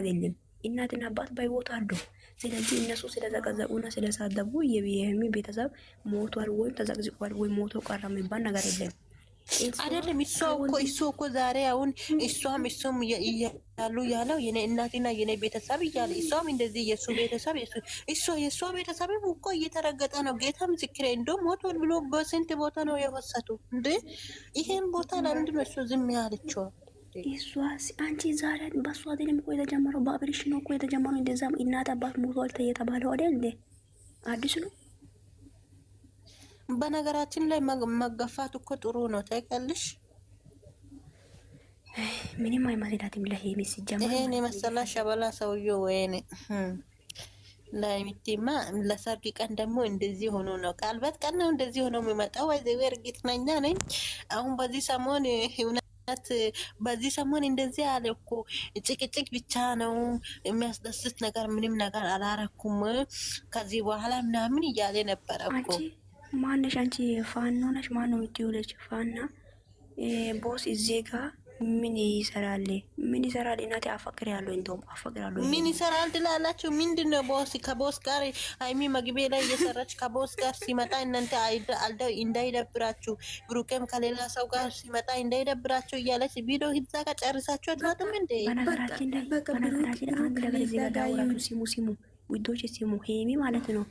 አይደለም። እናትና አባት በህይወት አሉ። ስለዚህ እነሱ ስለዘቀዘቁና ስለሳደቡ የብሔሚ ቤተሰብ ሞቷል ወይም ተዘቅዝቋል ወይም ሞቶ ቀረ የሚባል ነገር የለም። አይደለም እሷ እኮ እሱ እኮ ዛሬ አሁን እሷም እሱም እያሉ ያለው የኔ እናትና የኔ ቤተሰብ እያለ እሷም እንደዚህ የእሱ ቤተሰብ እሷ የእሷ ቤተሰብ እኮ እየተረገጠ ነው። ጌታ ምስክሬ እንደ ሞቶል ብሎ በስንት ቦታ ነው የወሰቱ እንዴ? ይሄን ቦታ ለምንድን ነው እሱ ዝም ያለችዋል? አንቺ ዛሬ በሷ አይደለም እኮ የተጀመረው፣ በአብርሽ ነው እኮ የተጀመረው። እንደዛም እናት አባት ሞቷል የተባለው አይደል እንዴ? አዲስ ነው። በነገራችን ላይ መገፋት እኮ ጥሩ ነው። ታይቀልሽ ምንም አይማልዳትም። ለሄሚ ሲጀመር ይሄን የመሰላ ሸበላ ሰውዬ ወይኔ ለሚቴማ ለሰርግ ቀን ደግሞ እንደዚህ ሆኖ ነው፣ ካልበት ቀን ነው እንደዚህ ሆኖ የሚመጣው። ወይ እርግጠኛ ነኝ አሁን በዚህ ሰሞን ት በዚህ ሰሞን እንደዚህ አለ እኮ ጭቅጭቅ ብቻ ነው የሚያስደስት ነገር፣ ምንም ነገር አላረኩም ከዚህ በኋላ ምናምን እያለ ነበረ እኮ። ማነሽ አንቺ ፋኖ ነሽ? ማነው የምትውለች ፋና ቦስ እዚህ ጋር ምን ይሰራል? ምን ይሰራል? እናቴ አፈቅርሃለሁ፣ እንደውም አፈቅርሃለሁ። ምን ይሰራል ትላላችሁ? ምንድን ነው ቦስ? ከቦስ ጋር አይሚ መግቢያ ላይ እየሰራች ከቦስ ጋር ሲመጣ እናንተ እንዳይደብራችሁ፣ ብሩኬም ከሌላ ሰው ጋር ሲመጣ እንዳይደብራችሁ እያለች ቪዲዮ ሂዛ ጋር ጨርሳችሁ አትመጡም እንዴ? ሲሙ ሲሙ፣ ውዶች ሲሙ፣ ሄሚ ማለት ነው።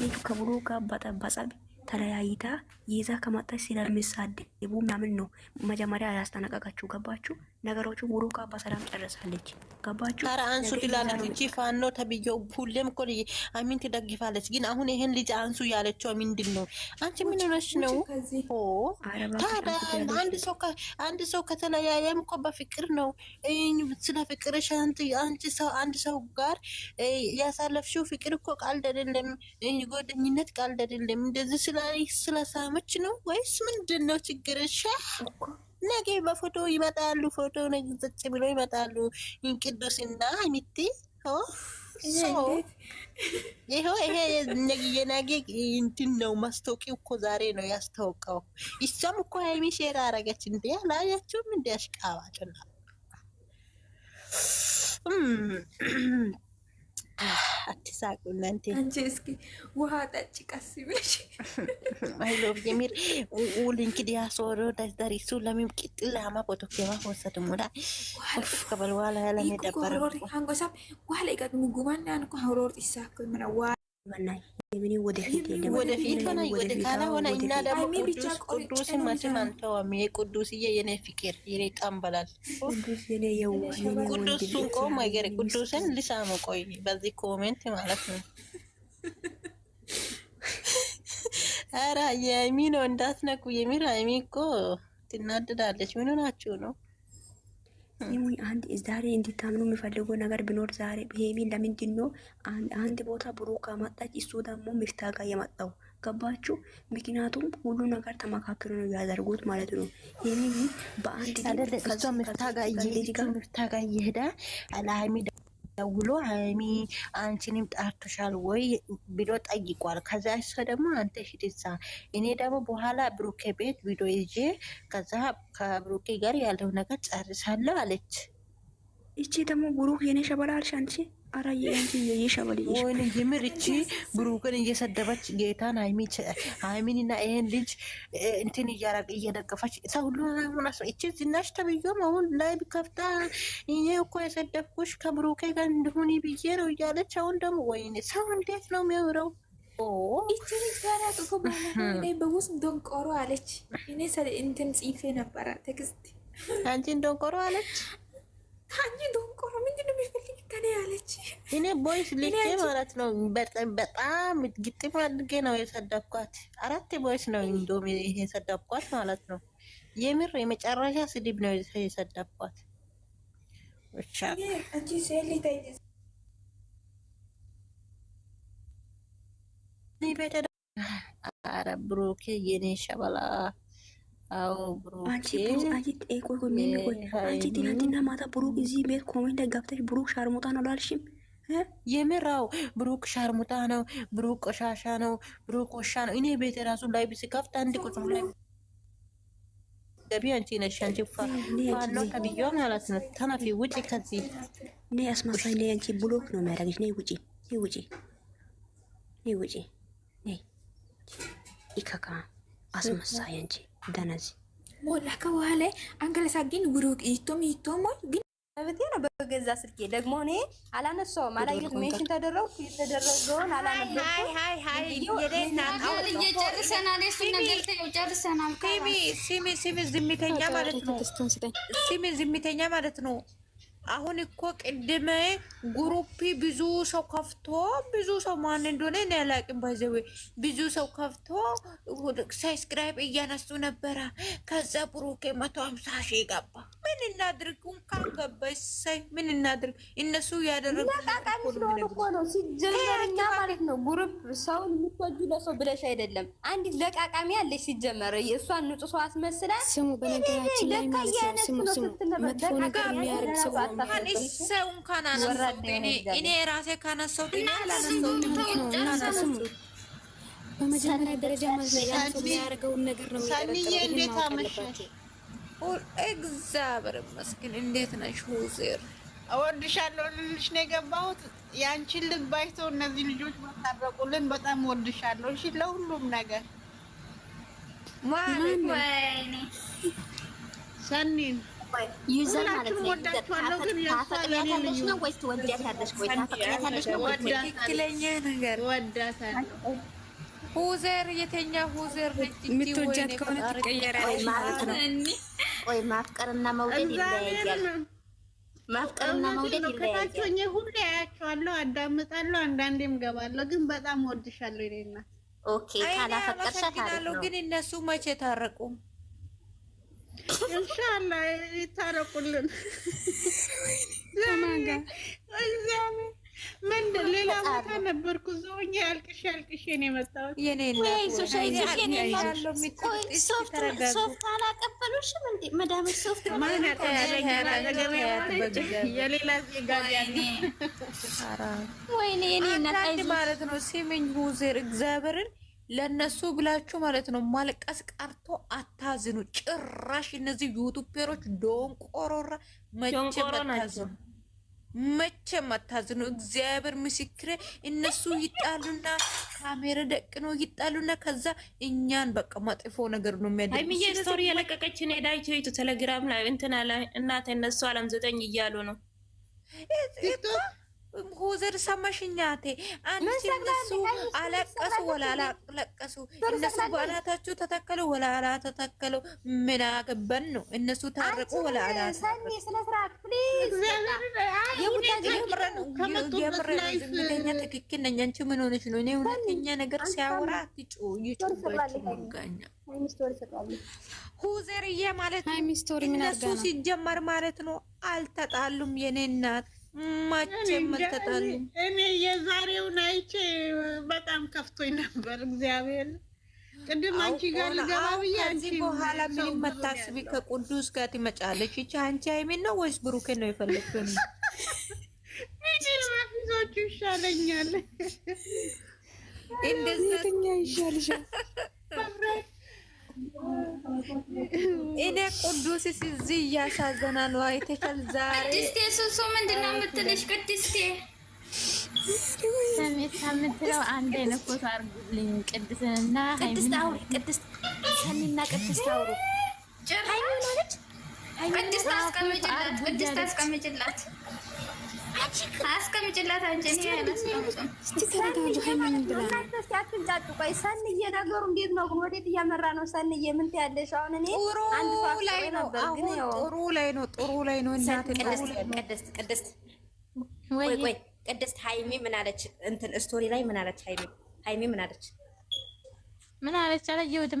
ቤቱ ጋር ተለያይታ ይዛ ከመጣች ስለሚሳደቡ ምናምን ነው መጀመሪያ ያስጠነቀቀችው። ገባችሁ? ነገሮቹ ሙሉ ውሩቃ በሰላም ጨርሳለች። ገባችሁ? ኧረ አንሱ ትላለች እንጂ ፋኖ ተብዬው ሁሌም እኮ አሚን ትደግፋለች። ግን አሁን ይሄን ልጅ አንሱ ያለችው ምንድን ነው? አንቺ ምን ሆነሽ ነው? ታዲያ አንድ ሰው ከተለያየም እኮ በፍቅር ነው። ስለ ፍቅርሽ አንቺ ሰው አንድ ሰው ጋር ያሳለፍሽው ፍቅር እኮ ቀልድ አይደለም፣ ጓደኝነት ቀልድ አይደለም እንደዚህ ስለሳመች ነው ወይስ ምንድን ነው ችግርሽ? ነገ በፎቶ ይመጣሉ። ፎቶ ነግዘጭ ብሎ ይመጣሉ። ቅዱስና ሚቲ ይኸው ይሄ የነገ እንትን ነው። ማስታወቂያው እኮ ዛሬ ነው ያስታወቀው። እሷም እኮ ሀይሚ ሼር አረገች። እንዲ አላያችሁም? እንዲ አሽቃባጭ አትሳቁ እናንተ። አንቺ እስኪ ውሃ ጠጭ ቀስ ብለሽ አይሎብ የሚር ሊንክድ ያሶሮ ደሪሱ ለሚም ቅጥል አማ ቦቶኬማ ሆሰድ ሙዳ ፍ ከበልዋላ ያለኔ ደበረ አንጎሳብ ዋላ ይቀድሙ ጉማና አንኮ ሀውሮር ኢሳኮ ምና ዋ ወደፊት ሆነ ወደ ካላ ሆነ እና ነው። እንዳትነኩ። የምር አይሚ እኮ ትናደዳለች። ምኑ ናችሁ ነው ይሁን አንድ ዛሬ እንዲታምኑ የሚፈልጉ ነገር ቢኖር ዛሬ ሄሚ ለምንድን ነው አንድ ቦታ ብሩክ መጣች፣ እሱ ደግሞ ሚፍታ ጋር የመጣው ገባችሁ? ምክንያቱም ሁሉ ነገር ተመካክሮ ነው ያደርጉት ማለት ነው። ሄሚ በአንድ ሚፍታ ጋር እየሄዳ ደውሎ ሀይሚ አንቺንም ጣርቶሻል ወይ ብሎ ጠይቋል። ከዛ እሷ ደግሞ አንተ ሽድሳ እኔ ደግሞ በኋላ ብሩኬ ቤት ቪዲዮ ይዤ ከዛ ከብሩኬ ጋር ያለው ነገር ጨርሳለሁ አለች። እቺ ደግሞ ብሩክ የኔ ሸበላ አልሽ አንቺ አራዬ እንጂ የሸበልሽ ወይ የምር እቺ ብሩክን እየሰደበች ጌታን ሃይሚንና ይሄን ልጅ እንትን እያራቅ እየደገፈች ሰው ሁሉ ናሙናስ እቺ ዝናሽ ተብዮም አሁን ላይ ከፍታ ይሄ እኮ የሰደብኩሽ ከብሩኬ ጋር እንድሁን ብዬ ነው እያለች አሁን ደግሞ ወይኔ ሰው እንዴት ነው የሚያምረው? በውስጥ ደንቆሮ አለች። እኔ እንትን ጽፌ ነበረ ትግስት አንቺን ደንቆሮ አለች። አንቺን ደንቆሮ ምንድን ነው የሚፈል እኔ አለች እኔ ቦይስ ልኬ ማለት ነው። በጣም ግጥም አድርጌ ነው የሰደብኳት። አራት ቦይስ ነው እንዶም የሰደብኳት ማለት ነው። የምር የመጨረሻ ስድብ ነው የሰደብኳት። ብሩኬ የኔ ሸበላ አዎ ብሩክ አንቺ ብሩክ አንቺ ቆይ ቆይ ቆይ አንቺ ትናንትና ማታ ብሩክ እዚህ ቤት ኮሜንት ገብተሽ ብሩክ ሻርሙጣ ነው ላልሽም የምራው ብሩክ ሻርሙጣ ነው፣ ብሩክ ቆሻሻ ነው፣ ብሩክ ቆሻ ነው። እኔ ቤት ራሱ ላይ ቢስ ብስከፍት አንድ ቁጭ ላይ ገቢ አንቺ ነሽ። አንቺ ፋኖ ከብዮ ማለት ነው። ተናፊ ውጪ ከዚህ እኔ አስማሳይ ላይ አንቺ ብሎክ ነው የሚያደርግሽ። ነይ ውጪ፣ ነይ ውጪ፣ ነይ ውጪ፣ ነይ ይከካ አስመሳይ አንቺ ደነዝ ሞላ ከበኋላ አንገለሳ ግን ውሩቅ ይቶም ይቶም ግን መብቴ ነው። በገዛ ስልኬ ደግሞ እኔ አላነሳውም። አላየት ሜሽን ተደረው የተደረገውን አላነበ ሲሚ ዝምተኛ ማለት ነው። አሁን እኮ ቅድመ ጉሩፒ ብዙ ሰው ከፍቶ ብዙ ሰው ማን እንደሆነ እኔ አላቅም። ባይዘዌ ብዙ ሰው ከፍቶ ሳብስክራይብ እያነሱ ነበረ። ከዛ ብሩኬ መቶ ሀምሳ ሺህ ገባ። ምን እናድርግ? እንኳን ገባሽ። ምን እናድርግ? እነሱ ያደረጉት እኮ ነው። ሲጀመር ማለት ነው ሰውን የምትወጁ ለሰው ብለሽ አይደለም። አንዲት ለቃቃሚ አለሽ። ሲጀመር እሷን ንጹህ ሰው ስሙ፣ በነገራችን ላይ ማለት ነው ሰው እንኳን እኔ ራሴ በመጀመሪያ ደረጃ ማለት ነው ነገር ነው እግዚአብሔር ይመስገን። እንዴት ነሽ ሁዜር? እወድሻለሁ ልልሽ ነው የገባሁት። ያንቺን ልብ አይቶ እነዚህ ልጆች መታረቁልን በጣም እወድሻለሁ። እሺ ለሁሉም ነገር ማለት ወይኔ ሰኒን ይዘን ማለት ነው። ግን ነው ወይስ የተኛ ሁዘር ልጅ ምትወጃት ከሆነ ትቀየራለሽ ማለት ነው። ቆይ ማፍቀርና መውደድ ይለያያል። ማፍቀርና መውደድ ይለያያል። ከታቾኝ ሁሉ ያያቸዋለሁ፣ አዳምጣለሁ፣ አንዳንዴም ገባለሁ። ግን በጣም ወድሻለሁ ይለና ኦኬ። ካላፈቀርሻት አሪፍ ግን እነሱ መቼ ታረቁ? ኢንሻአላህ ይታረቁልን። ነበርኩ እዛው ያልቅሽ ያልቅሽ አላቀበሉሽም ሶፍት የሌላ ዜጋ ወይኔ እናት ማለት ነው። ሁዜር እግዚአብሔርን ብላችሁ ማለት ነው ማልቀስ ቀርቶ አታዝኑ። ጭራሽ እነዚህ ዩቱቤሮች ዶንቆሮራ መቼ መታዘኑ መቼም አታዝኑ። እግዚአብሔር ምስክሬ፣ እነሱ ይጣሉና ካሜራ ደቅ ነው ይጣሉና ከዛ እኛን በቃ መጥፎ ነገር ነው የሚያደ ሀይሚዬ ስቶሪ የለቀቀች ዳይቶ ይቱ ቴሌግራም ላይ እንትና ላይ እናተ እነሱ አለም ዘጠኝ እያሉ ነው ጉዝር ሰመሽኛቴ አንቺ እነሱ አለቀሱ ወላላለቀሱ እነሱ በአናታችሁ ተተከሉ ወላላ ተተከሉ። ምን አገባን ነው? እነሱ ታረቁ ወላላ የምረኛ ትክክል ነኝ። አንቺ ምን ሆነች ነው? እኔ ሁለተኛ ነገር ሲያወራ ትጩ ይጩባችሁ ጋኛ ሁዘርዬ ማለት ነው። እነሱ ሲጀመር ማለት ነው አልተጣሉም የኔ እናት ማቼም አልተጣሉም። እኔ የዛሬውን አይቼ በጣም ከፍቶኝ ነበር። እግዚአብሔር ቅድም አንቺ ጋር ልገባ ብዬ ከዚህ በኋላ ምንም መታስቢ ከቅዱስ ጋር ትመጫለች። ይቺ አንቺ አይሜን ነው ወይስ ብሩኬ ነው የፈለግሽው? ፊዞቹ ይሻለኛል እንደዛ ይሻልሻል እኔ ቅዱስ እዚህ እያሳዘና ነው። አይተሻል ዛሬ ቅድስቴ። ሱሱ ምንድን ነው የምትልሽ ቅድስቴ? ሰሜት የምትለው አንድ አይነት ፎቶ አድርጉልኝ ቅድስና ሰኒና ቅድስት አውሩ። ቅድስት አስቀምጭላት፣ ቅድስት አስቀምጭላት አስቀምጭላት አንቺ ሰንዬ ነገሩ እንዴት ነው ወዴት እያመራ ነው ሰንዬ? ምን ትያለሽ አሁን? እኔ ጥሩ ላይ ነው ጥሩ ላይ ነው፣ ጥሩ ላይ ነው። ቅድስት ቅድስት፣ ቆይ ቆይ፣ ቅድስት ሀይሚ ምን አለች? እንትን ስቶሪ ላይ ምን አለች? ሀይሚ ሀይሚ ምን አለች? ምን አለች? አላየሁትም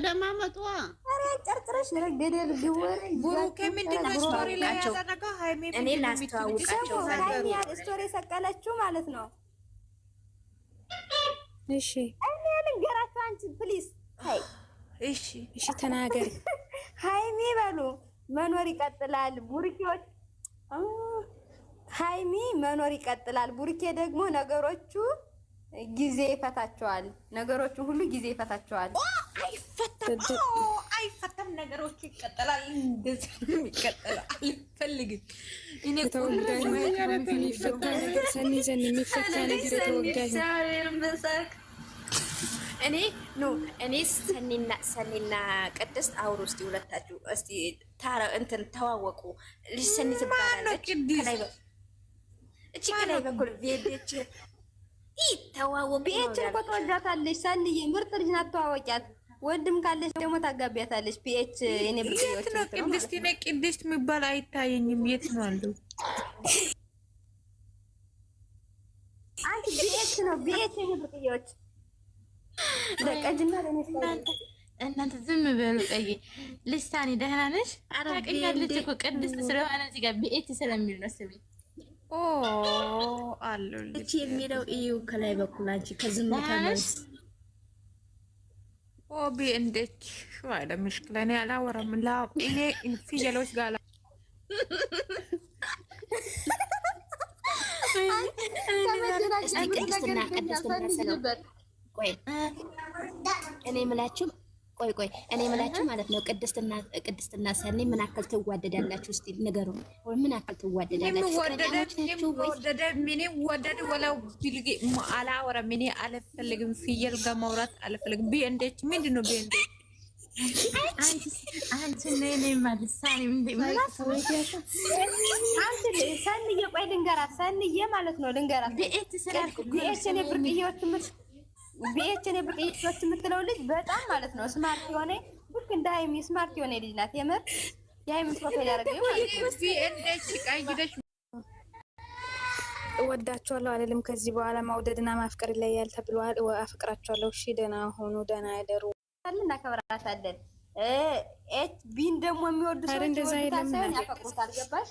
መለማመጧ ሰቀለችው ማለት ነው። እሺ እኔ ልንገራቸው። አንቺ እሺ፣ እሺ ተናገሪ ሀይሚ በሉ መኖር ይቀጥላል። ቡርኬዎች ሀይሚ መኖር ይቀጥላል። ቡርኬ ደግሞ ነገሮቹ ጊዜ ይፈታቸዋል። ነገሮቹ ሁሉ ጊዜ ይፈታቸዋል። አይፈታም። አዎ አይፈታም። ነገሮቹ ይቀጠላል። እንደዚህ ነው አልፈልግም እኔ ተወዳጅ ማለት የሚፈታ ነገር ሰኒ ዘንድ የሚፈታ ነገር ተወዳጅ እኔ ኖ እኔ ሰኒና ሰኒና ቅድስት አውሩ እስቲ ሁለታችሁ እስቲ ታረ እንትን ተዋወቁ። ልጅ ሰኒ ትባላለች። ከላይ እቺ ከላይ በኩል ቤቤች ይተዋወቁ ቤችን እኮ ተወዳታለች። ሰኒዬ ምርጥ ልጅ ናት። ተዋወቂያት ወንድም ካለች ደግሞ ታጋቢያታለች። ፒኤች እኔ ብት ነው ቅድስት ነ ቅድስት የሚባል አይታየኝም። የት ነው አለው? አንቺ ፒኤች ነው ፒኤች እኔ ብርቅዮች ደቀጅና እናንተ ዝም በሉ። ቀይ ልሳኔ ደህና ነሽ? አራቅኛለች እኮ ቅድስት ስለሆነ እዚህ ጋር ቢኤች ስለሚል ነው ስሜ አሉ የሚለው እዩ ከላይ በኩል አንቺ ከዝምታ መልስ ኦቢ እንዴት ዋለ ምሽክለ እኔ አላወራም። እኔ ፍየሎች ጋር እኔ ምላችሁም ቆይ ቆይ እኔ የምላችሁ ማለት ነው ቅድስትና ቅድስትና ሰኔ ምን አክል ትዋደዳላችሁ? እስቲ ንገሩን። ምን አክል ትዋደዳላችሁ? ወደድ ወላው አልፈልግም፣ ፍየል ጋር ማውራት አልፈልግም። ነው ቢንደች አንቺ ነኔ ቆይ ልንገራት፣ ማለት ነው ልንገራት ብርቅዬዎች ቤችን የብርቅዮች የምትለው ልጅ በጣም ማለት ነው ስማርት የሆነ ልክ እንደ ሀይሚ ስማርት የሆነ ልጅ ናት። የምር የሀይሚ ፕሮፋይል ያደረገው ማለት ነው። እወዳቸዋለሁ አልልም። ከዚህ በኋላ መውደድና ማፍቀር ይለያል ተብሏል። አፍቅራቸዋለሁ። እሺ፣ ደህና ሆኑ፣ ደህና ያደሩ። እናከብራታለን። ቢን ደግሞ የሚወዱ ሰዎች ይወዱታል ሳይሆን ያፈቅሩታል። ገባሽ?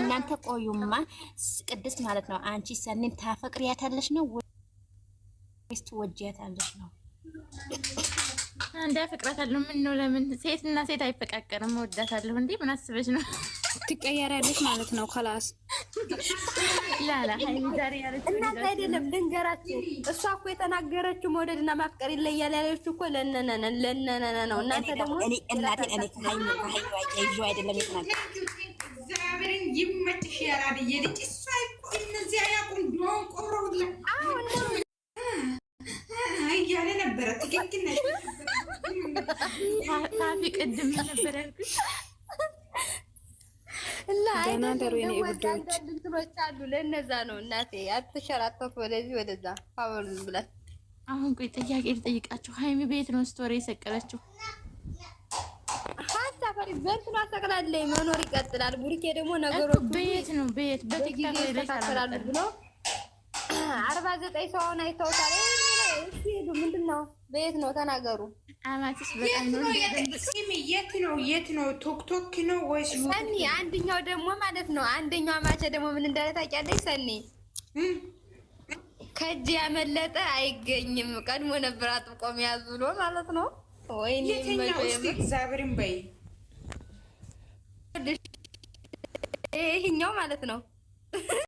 እናንተ ቆዩማ። ቅድስት ማለት ነው አንቺ ሰኒን ታፈቅሪያታለሽ ነው ወይስ ትወጂያታለሽ ነው? እንደ አፈቅራታለሁ። ምን ነው ለምን ሴት እና ሴት አይፈቃቀርም? ወዳታለሁ እንዴ ምን አስበሽ ነው? ትቀየራለሽ ማለት ነው። ከላስ ላላ እናንተ አይደለም ልንገራችሁ። እሷ እኮ የተናገረችው እና ማፍቀር ይለያል ያለችው እኮ ለነነነ ለነነነ ነው። እናንተ ደግሞ እኔ እናቴ እኔ ከሀይ ከሀይ ይዤው አይደለም የተናገረችው ይመችሽ ያራድዬ ልጅ እሷ እነዚህ አያቁን ቢሆን ቆሮ እያለ ነበረ። ትክክል ነሽ። ታፊ ቅድም ነበረ ላይናደሩ የኔ አሉ። ለእነዛ ነው እናቴ አትሸራተፍ ወደዚህ ወደዛ ፓወር ብላት። አሁን ቆይ ጥያቄ ልጠይቃችሁ። ሀይሚ ቤት ነው ስቶሪ የሰቀለችው በእንትን አሰቅላለኝ መኖር ይቀጥላል። ቡሪኬ ደግሞ ነገሮች በየት ነው በየት በቲክታክ ይስተካከላሉ ብሎ አርባ ዘጠኝ ሰው አሁን አይተውታል። ሄዱ ምንድን ነው በየት ነው ተናገሩ። አማትስ በጣም የት ነው የት ነው ቶክቶክ ነው ወይስ ሰኒ? አንደኛው ደግሞ ማለት ነው አንደኛው አማቼ ደግሞ ምን እንዳለ ታውቂያለሽ ሰኒ? ከእጅ ያመለጠ አይገኝም ቀድሞ ነበር አጥብቆ መያዝ ብሎ ማለት ነው። ወይኔ እግዚአብሔርን በይ ይሄኛው ማለት ነው።